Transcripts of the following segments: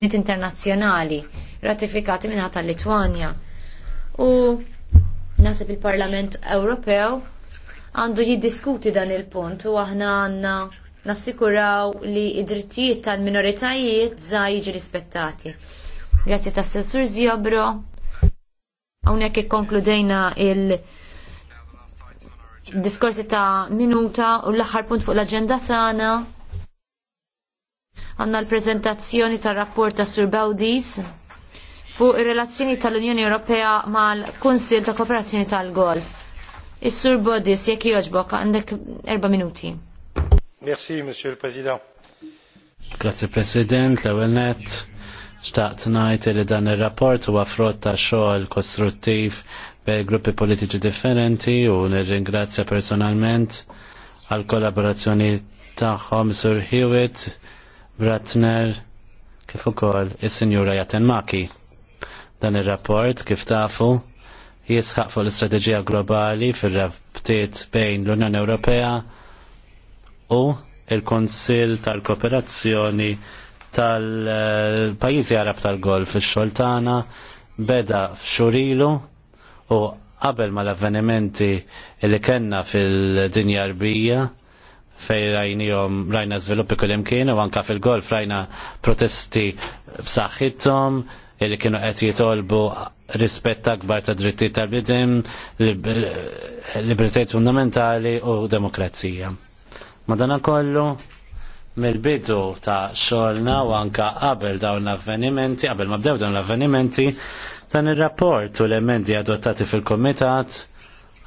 internazzjonali ratifikati minna tal-Litwanja. U nasib il-Parlament Ewropew għandu jiddiskuti dan il-punt u aħna għanna nassikuraw li id-drittijiet tal-minoritajiet za' jiġi rispettati. Grazzi ta' Sessur Ziobro. Hawnhekk ikkonkludejna il- diskorsi ta' minuta u l-aħħar punt fuq l-aġenda tagħna Għanna l-prezentazzjoni tal-rapport ta' Sur Baudis fuq ir-relazzjoni tal-Unjoni Ewropea mal-Kunsil ta' Kooperazzjoni tal-Golf. Is-Sur Baudis, jekk jogħġbok, għandek erba' minuti. Merci, Monsieur le Président. Grazie President, l-ewwel nett xtaqt ngħid li dan ir-rapport huwa għafrot ta' xogħol kostruttiv bej gruppi politiċi differenti u nirringrazzja personalment għal kollaborazzjoni tagħhom Sur Hewitt Bratner kif ukoll is-Sinjura Jatenmaki. Dan ir-rapport kif tafu jisħaq fuq l-istrateġija globali fir-rabtiet bejn l-Unjoni Ewropea u il-Konsil tal-Kooperazzjoni tal-Pajjiżi Arab tal-Golf ix-Xoltana beda xurilu u qabel mal avvenimenti li kellna fil-dinja arbija fej rajnijom rajna sviluppi kullim kienu u anka fil-golf rajna protesti b'saħħithom illi kienu qed jitolbu rispett akbar ta' drittijiet tal bidim libertajiet fundamentali u demokrazija. Madana kollu, mill-bidu ta' xolna u anka qabel dawn l-avvenimenti, qabel ma bdew dawn l-avvenimenti, dan ir-rapport u l-emendi adottati fil-komitat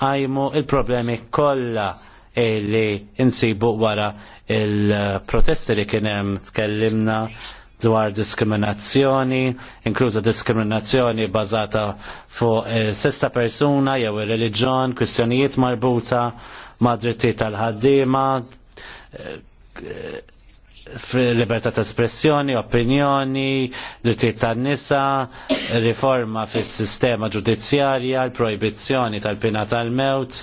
għajmu il-problemi kollha E li insibu wara il-protesti li kienem tkellimna dwar diskriminazzjoni, inkluża diskriminazzjoni bazata fuq eh, sesta persuna jew il-reliġjon, kwistjonijiet marbuta ma' drittijiet tal-ħaddiema, eh, libertà ta' espressjoni, opinjoni, dritti tan-nisa, riforma fis-sistema ġudizzjarja, l-projbizzjoni tal-pina tal-mewt. tal tal pina tal mewt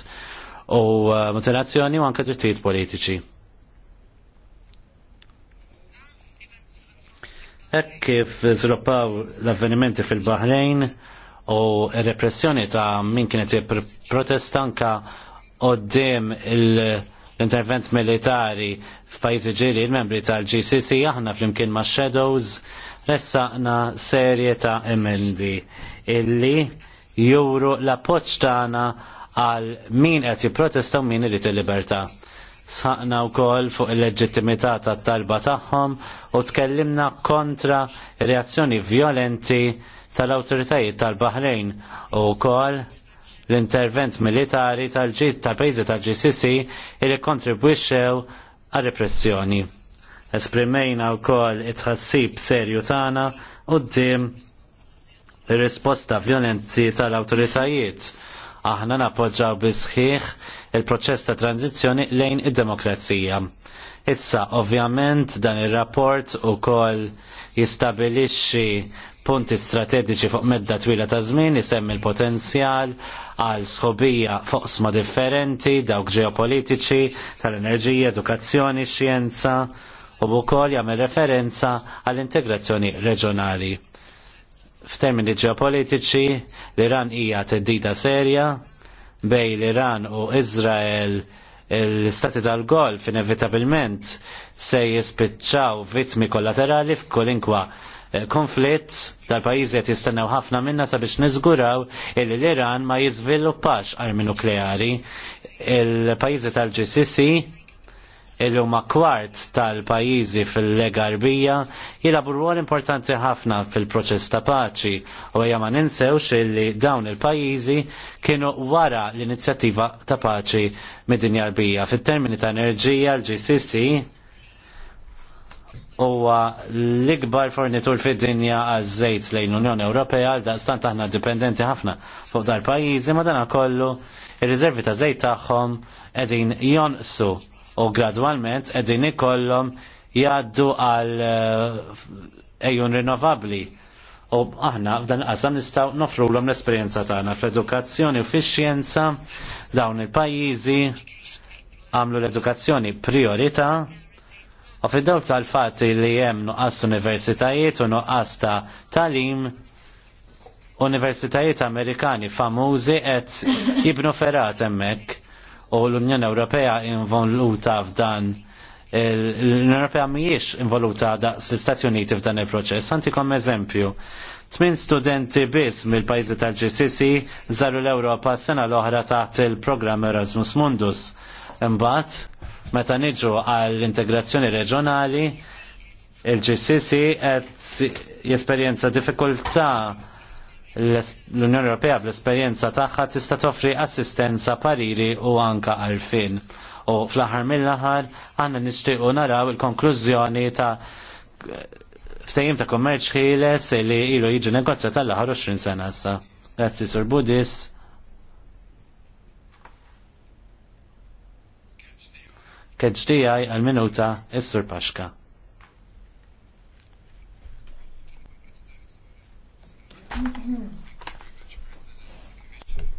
u uh, motivazzjoni u anke drittijiet politiċi. Hekk kif zruppaw l-avvenimenti fil bahrejn u r-repressjoni ta' min kienet protesta anka qoddim l-intervent militari f'pajjiżi ġiri il-membri tal-GCC aħna flimkien ma' Shadows ressaqna serje ta' emendi illi juru l-appoċ tagħna għal min qed jipprotesta u min irid il-libertà. Saqna wkoll fuq il-leġittimità tat-talba tagħhom u tkellimna kontra reazzjoni violenti tal-awtoritajiet tal-Baħrejn u wkoll l-intervent militari tal pejżi tal-GCC li kontribwixxew għal repressjoni. Esprimejna wkoll it-ħassib serju tagħna u d-dim risposta violenti tal-awtoritajiet Aħna bi bisħiħ il-proċess ta' tranzizzjoni lejn id-demokrazija. Issa, ovvjament, dan ir-rapport ukoll jistabilixxi punti strategiċi fuq medda twila ta' żmien isemmi l-potenzjal għal sħobija foqsma differenti, dawk ġeopolitiċi, tal-enerġija, edukazzjoni, xjenza, u wkoll jagħmel referenza għall-integrazzjoni reġjonali f'termini ġeopolitiċi l-Iran hija teddida serja bej l-Iran u Izrael l-istati tal-golf inevitabilment se jispiċċaw vittmi kollaterali f'kolinkwa eh, konflitt tal-pajizi qed jistennew ħafna minna sabiex niżguraw il l-Iran ma jiżviluppax armi nukleari. Il-pajizi tal-GCC Il huma kwart tal-pajjiżi fil-Lega Arbija jilabu rwol importanti ħafna fil-proċess ta' paċi u hija ma ninsewx illi dawn il-pajjiżi kienu wara l-inizjattiva ta' paċi mid-dinja Arbija. Fit-termini ta' enerġija l-GCC huwa l-ikbar fornitur fid-dinja għaż-żejt lejn l-Unjoni Ewropea għal daqstant aħna dipendenti ħafna fuq dar pajjiżi ma dan kollu ir-riservi ta' żejt tagħhom qegħdin jonqsu u gradwalment qegħdin ikollhom jgħaddu għal eh, ejjun rinnovabbli. U aħna f'dan qasam nistgħu nofrulhom l-esperjenza tagħna fl-edukazzjoni u fix-xjenza dawn il-pajjiżi għamlu l-edukazzjoni priorità u fid-dawl tal fatti li hemm nuqqas universitajiet u nuqqas ta' talim universitajiet Amerikani famużi qed jibnu ferat hemmhekk u l-Unjoni Ewropea involuta f'dan l-Unjoni Ewropea mhijiex involuta daqs l-Istati Uniti f'dan il-proċess. Antikom eżempju, tmin studenti biss mill-pajjiżi tal-GCC żaru l-Ewropa sena l-oħra taħt il-programm Erasmus Mundus. Imbagħad meta niġu għall-integrazzjoni reġjonali, il-GCC qed jesperjenza diffikultà l-Unjoni Ewropea bl-esperjenza tagħha tista' toffri assistenza pariri u anka għarfien. U fl-aħħar mill-aħħar għandna nixtiequ naraw il-konklużjoni ta' ftehim ta' kummerċ ħieles li ilu jiġu negozja tal-aħħar 20 sena issa. Grazzi Sur Budis. Kedġdijaj għal-minuta is-Sur Paxka.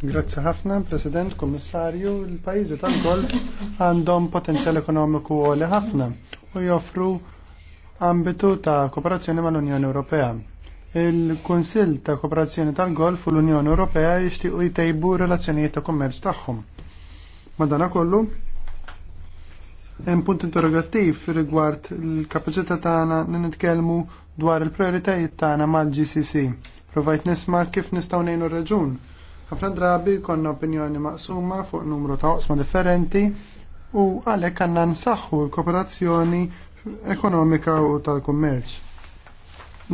Grazzi ħafna, President, Kommissarju, il pajizi tal-golf għandhom potenzjal ekonomiku għoli ħafna u joffru ambitu ta' kooperazzjoni mal-Unjoni Ewropea. Il-Kunsill ta' Kooperazzjoni tal-Golf u l-Unjoni Ewropea jixtiequ jtejbu relazzjonijiet ta' kommerċ tagħhom. kollu, hemm punt interrogattiv rigward il-kapaċità tagħna nitkellmu dwar il-prioritajiet tagħna mal-GCC Provajt nisma kif nistaw nejnu raġun. Ħafna drabi konna opinjoni maqsuma fuq numru ta' oqsma differenti u għalek għanna nsaxħu l-kooperazzjoni ekonomika u tal-kummerċ.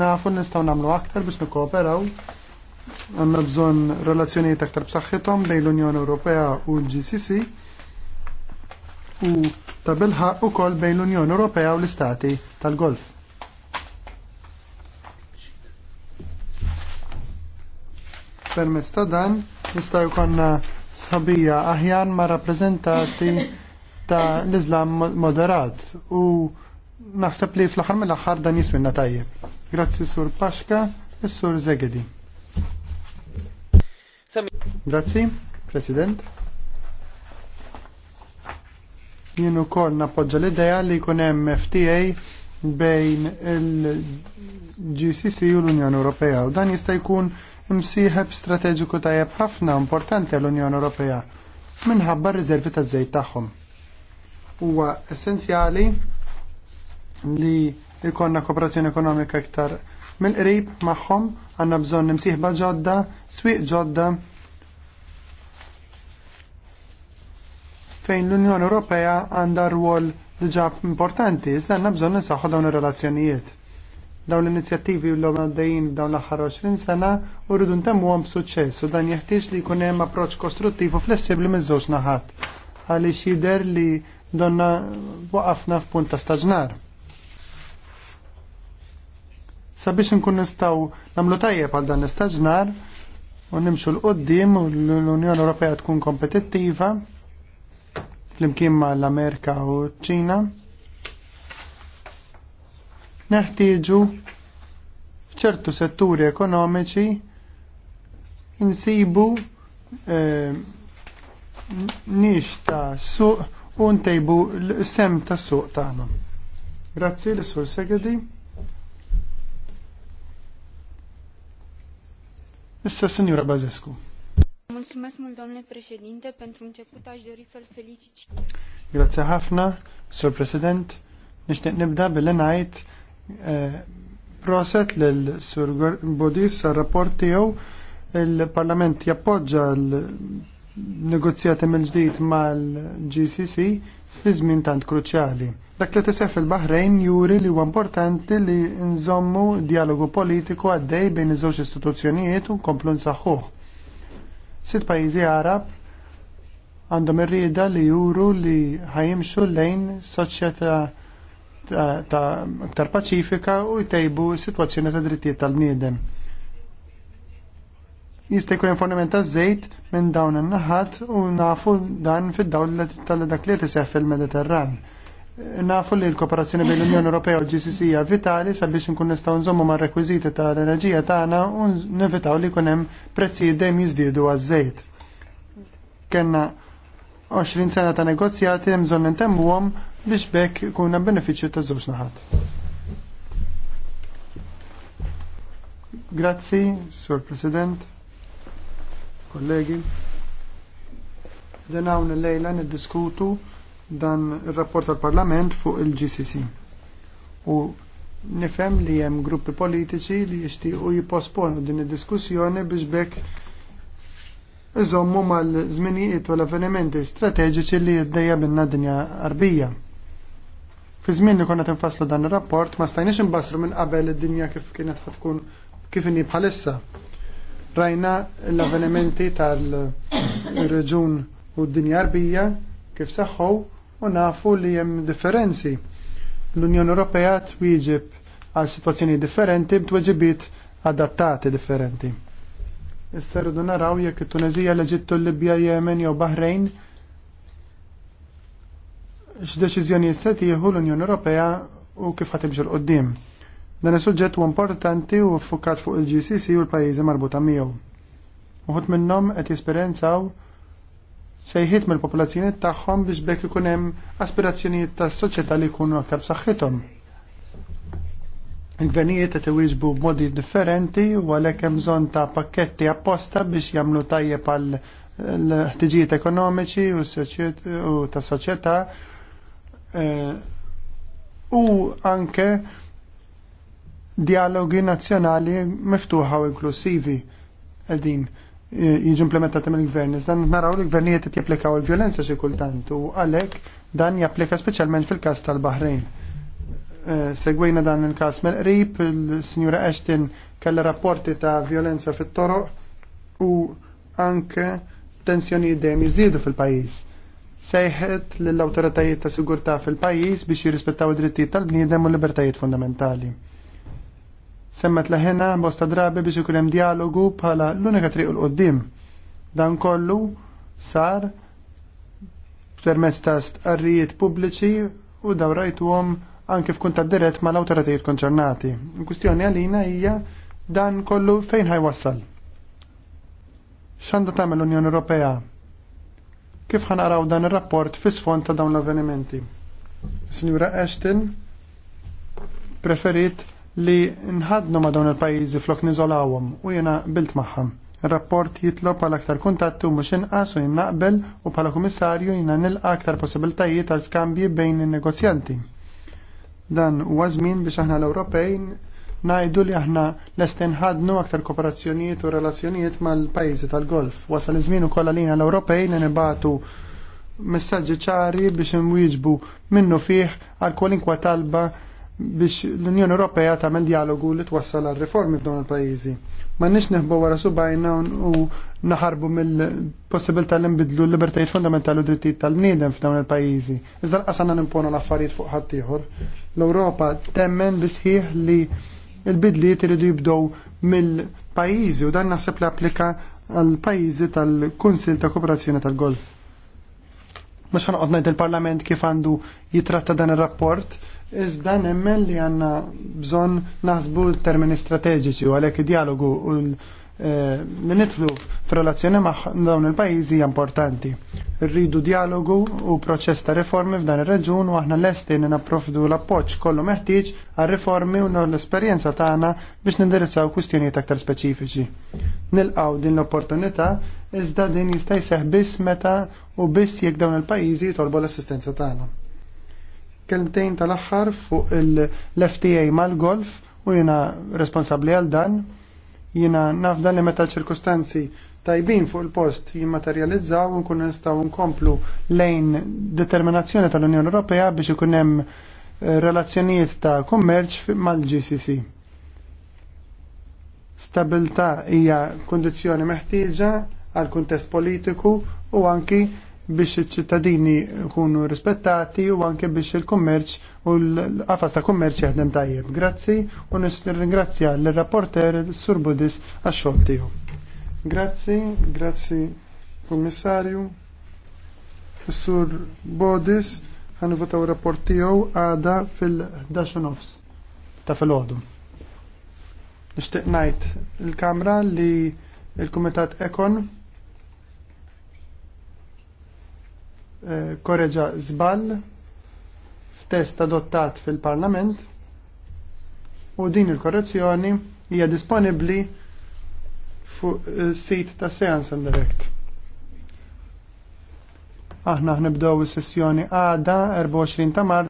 Nafu nistaw namlu aktar biex nikkooperaw għanna bżon relazzjonijiet aktar b'saħħithom bejn l-Unjoni Ewropea u l-GCC u ta' bilħaq ukoll bejn l-Unjoni Ewropea u l-Istati tal-Golf. Permezz ta' dan nista' jkollna sħabija aħjar ma' rappreżentati ta' l-Islam moderat u naħseb li fl-aħħar mill-aħħar dan jiswinna tajjeb. Grazzi Sur Paxka e Sur Zegedi. Grazzi, President. Jien ukoll nappoġġa l-idea li jkun hemm FTA bejn il-GCC u l-Unjoni Ewropea u dan jista' jkun imsieħeb strateġiku tajjeb ħafna importanti għall unjoni Ewropea minħabba r rizervi taż-żejt tagħhom. Huwa essenzjali li jkollna kooperazzjoni ekonomika iktar mill-qrib magħhom għandna bżonn nimsieħba ġodda, swieq ġodda fejn l-Unjoni Ewropea għandha rwol diġà importanti, iżda għandna bżonn nisaħħu dawn ir-relazzjonijiet Dawn l-inizjattivi l għaddejjin dawn l-aħħar 20 sena u rridu ntemmu b'suċċess u dan jeħtieġ li jkun hemm approċċ kostruttiv u flessibbli miż-żewġ naħat għaliex jidher li donna waqafna f'punt ta' staġnar. Sabiex nkun nistgħu nagħmlu tajjeb għal dan l-istaġnar u nimxu l-qoddim u l-Unjoni Ewropea tkun kompetittiva flimkien mal amerika u ċ-Ċina neħtieġu f'ċertu setturi ekonomiċi insibu eh, nix ta' suq u ntejbu sem ta' suq tagħna. Grazzi l-Sur Segedi. Issa Signora Bazescu. Mulțumesc mult, domnule președinte. Pentru început aș dori să-l felicit. Grazie Hafna, Sur președinte. Nishtiq nibda billi ngħid Eh, proset l-Sur Bodis rapport tiegħu il-Parlament jappoġġa l-negozjati mill-ġdid mal-GCC fi żmien tant kruċjali. Dak li tisef il bahrejn juri li huwa importanti li nżommu dialogu politiku għaddej bejn iż-żewġ istituzzjonijiet u nkomplu nsaħħuh. Sitt pajjiżi Arab għandhom ir-rieda li juru li ħajimxu lejn soċjetà ta' aktar paċifika u jtejbu situazzjoni ta' drittijiet tal-bniedem. Jista' jkun hemm fondament ta' żejt minn dawn in-naħat u nafu dan fid-dawl tal-dak li tiseħħ fil-Mediterran. Nafu li l-kooperazzjoni bejn l-Unjoni Ewropea u l-GCC hija vitali sabiex nkun nistgħu nżommu mar-rekwiżiti tal-enerġija tagħna u nevitaw li jkun hemm prezzijiet dejjem jiżdiedu għaż-żejt. Kenna 20 sena ta' negozjati hemm bżonn intemmuhom biex bekk kuna beneficju ta' żewġ naħat. Grazzi, Sur President, kollegi. Dan hawn lejla niddiskutu dan ir-rapport tal-Parlament fuq il-GCC. U nifhem li hemm gruppi politiċi li jixtiequ jipposponu din id-diskussjoni biex bekk iżommu mal-żminijiet u l-avvenimenti strateġiċi li jiddejja binna dinja qarbija. Fi żmien li konna tinfaslu dan ir-rapport ma stajniex imbassru minn qabel id-dinja kif kienet tkun kif inhi bħalissa. Rajna l-avvenimenti tal-reġun u d-dinja arbija kif saħħu u nafu li hemm differenzi. L-Unjoni Ewropea twieġib għal situazzjoni differenti b'tweġibiet adattati differenti. Issa rridu naraw jekk it-Tunezija, l-Eġittu, l-Libja, Yemen jew Bahrejn x'deċiżjoni se jieħu l-Unjoni Ewropea u kif ħatimxu l qoddim Dan is-suġġett huwa importanti u ffukat fuq il-GCC u l-pajjiżi marbuta miegħu. Uħud minnhom qed jesperjenzaw sejħiet mill popolazzjonijiet tagħhom biex bekk ikun hemm aspirazzjonijiet tas-soċjetà li jkunu aktar b'saħħithom. Il-gvernijiet qed iwieġbu b'modi differenti u għalhekk hemm bżonn ta' pakketti apposta biex jagħmlu tajjeb għal l-ħtiġijiet ekonomiċi u tas-soċjetà Eh, u anke dialogi nazzjonali miftuħa u inklusivi qegħdin eh, jiġu implementati mill-gvern. Iżda naraw li gvernijiet qed japplikaw il-vjolenza xi kultant u għalhekk dan japplika speċjalment fil-każ tal bahrejn eh, Segwejna dan il-każ mill-qrib, il-Sinjura Ashton kellha rapporti ta' violenza fit-toroq u anke tensjoni dejjem jiżdiedu fil-pajjiż sejħet lill autoritajiet ta' sigurtà fil-pajjiż biex jirrispettaw id-drittijiet tal-bniedem u l-libertajiet fundamentali. Semmet leħena bosta drabi biex ikun hemm dialogu bħala l-unika triq l qoddim Dan kollu sar permezz ta' stqarrijiet pubbliċi u daw rajtuhom anke f'kunta dirett mal-awtoritajiet konċernati. Il-kustjoni għalina hija dan kollu fejn ħaj wassal. X'għandha tagħmel l-Unjoni Ewropea kif ħanaraw dan ir-rapport fis sfond ta' dawn l-avvenimenti. Sinjura Ashton preferit li nħadnu ma' dawn il-pajjiżi flok niżolawhom u jiena bilt magħha. il rapport jitlob għal aktar kuntattu u mhux inqas u jinnaqbel u bħala kummissarju jiena nilqa' aktar possibiltajiet għal skambji bejn in-negozjanti. Dan huwa żmien biex aħna l-Ewropej najdu li aħna lesten ħadnu aktar kooperazzjonijiet u relazzjonijiet mal-pajjiżi tal-Golf. Wasal iż-żmien ukoll għalina l-Ewropej li nibatu messaġġi ċari biex imwieġbu minnu fih għal kwalinkwa talba biex l-Unjoni Ewropea tagħmel dialogu li twassal għal riformi f'dawn il-pajjiżi. Ma nix neħbu wara subajna u naħarbu mill-possibilità li nbidlu l-libertajiet fundamentali u drittijiet tal-bniedem f'dawn il-pajjiżi. Iżda qasana nimponu l-affarijiet fuq ħaddieħor. L-Ewropa temmen bisħieħ li il bidli iridu jibdow mill-pajjiżi u dan naħseb li applika għal pajjiżi tal-Kunsil ta' Kooperazzjoni tal-Golf. Mhux ħanqot ngħid il-Parlament kif għandu jitratta dan ir-rapport, iżda nemmen li għandna bżonn naħsbu termini strateġiċi u għalhekk id-dialogu u l- li eh, nitlu f'relazzjoni ma' dawn il-pajjiżi hija importanti. Rridu dialogu u proċess ta' riformi f'dan ir-reġun u aħna lesti li l-appoġġ kollu meħtieġ għal riformi u l-esperjenza tagħna biex nindirizzaw kwistjonijiet aktar speċifiċi. Nilqgħu din l-opportunità iżda din jista' jseħħ biss meta u biss jekk dawn il-pajjiżi jitolbu l-assistenza tagħna kelmtejn tal aħħar fuq il fta mal-golf u jiena responsabbli għal dan Jiena nafda li meta ċirkustanzi tajbin fuq il-post jimmaterializzaw u nkunu nistgħu nkomplu lejn determinazzjoni tal-Unjoni Ewropea biex ikun hemm eh, relazzjonijiet ta' kummerċ mal-GCC. Stabilità hija kundizzjoni meħtieġa għal kuntest politiku u anki biex iċ-ċittadini jkunu rispettati u anke biex il-kummerċ u l-qafas ta' kummerċ jaħdem tajjeb. Grazzi u nis-ringrazzja l-rapporter Sur Budis għax-xogħol tiegħu. Grazzi, grazzi Kummissarju. Sur Bodis għan votaw rapport tiegħu għada fil dashon nofs ta' fil ħodu Nixtieq ngħid il-Kamra li il-Kumitat Ekon korreġa żball f'test adottat fil-Parlament u din il-korrezzjoni hija disponibbli fuq is-sit eh, ta' Seance and Direct. Aħna ħnibdew is-sessjoni għada 24 ta' Mart.